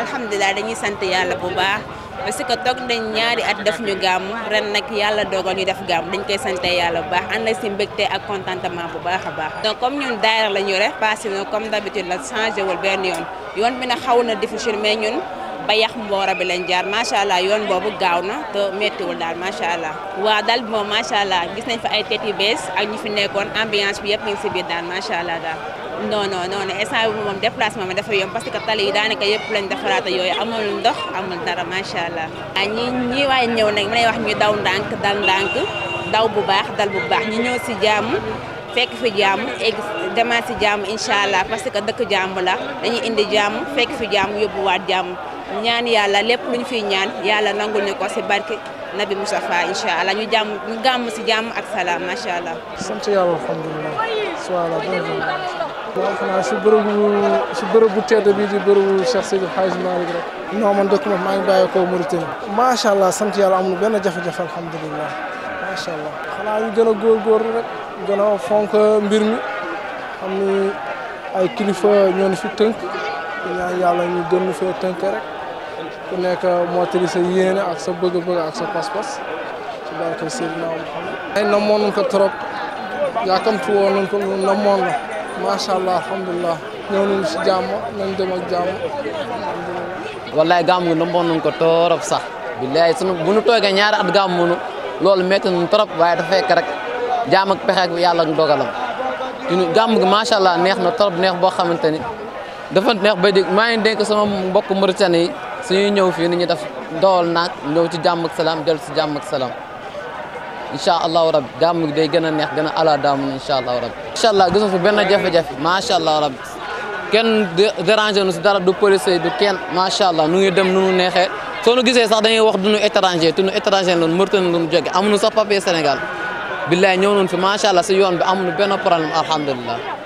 alhamdulilah dañuy sant yàlla bu baax parce que toog nañ ñaari at def ñu gàmm ren nag yàlla dogal ñu def gàmm dañ koy sant yàlla bu baax ànd si mbégte ak contentement bu baax a baax. donc comme ñun daayira la ñu rek passé na comme d'habitude la changé wul benn yoon yoon bi nag xaw na difficile ñun. ba yax mboora bi lañ jaar macha allah yoon boobu gaaw na te méttiwul daal macha allah waa dal moom macha allah gis nañ fa ay teet yu bees ak ñi fi nekkoon ambiance bi yëpp ñu ngi si biir daal macha allah daal non non non instant bi moom déplacement bi dafa yomb parce que tali yi daanaka yëpp lañ defaraat yooyu amul ndox amul dara macha allah. ah ñi ñëw nag ma wax daw ndànk dal ndànk daw bu baax dal bu baax ñu ñëw si jàmm fekk fi jàmm egg demaat ci jàmm incha allah parce que dëkk jàmm la dañuy indi jàmm fekk fi jàmm waat jàmm. ñaan yàlla lépp lu ñu fi ñaan yàlla nangul ñu ko si barke nabi Moustapha incha allah ñu jàmm ñu si jàmm ak salaam macha allah. sant yàlla alhamdulilah. suwaala bonjour. waaw xanaa si bërëbu si bërëbu tedd bi di bërëbu Cheikh rek. non man maa ngi bàyyi ko Mauritanie. macha allah sant yàlla amul benn jafe-jafe alhamdulilah macha allah. xanaa ñu gën a góorgóorlu rek. gën fonk mbir mi xam ni ay kilifa ñoo ñu fi tënk ñaan yàlla ñu gën ñu fee tënk rek. ku nekk mottali sa yéene ak sa bëgg-bëgg ak sa pas-pas ci barke Seydina Muhammad ko trop yaakamtu woon nañ ko namoon la macha allah alhamdulilah ñëw si jàmm nañ dem ak jàmm wallaay gàmm gi namoon nañ ko trop sax billaay sunu bu tooge toogee ñaari at gàmmunu loolu métti nañ trop waaye dafa fekk rek jaam ak pexe ak yàlla ak dogalam ñun gàmm gi macha neex na trop neex boo xamante dafa neex ba dégg maa ngi dénk sama mbokk si ñëw fii ni ñu def dowal naag ñëw ci jàmm salaam dellu si jàmm ak salaam incha allahu rabbi gàmm gi day gën a neex gën a ala daamun incha allahu rabbi incha allah gis fi benn jafe-jafe macha allah rabbi kenn dérangé nu si dara du policier du kenn macha allah nu ngi dem nu nu neexee soo nu gisee sax dañuy wax du nu étranger te nu étranger loonu mërtani lu nu jóge amuñu sax papier Sénégal billaay ñëw noonu fi macha allah si yoon bi amuñu benn problème alhamdulilah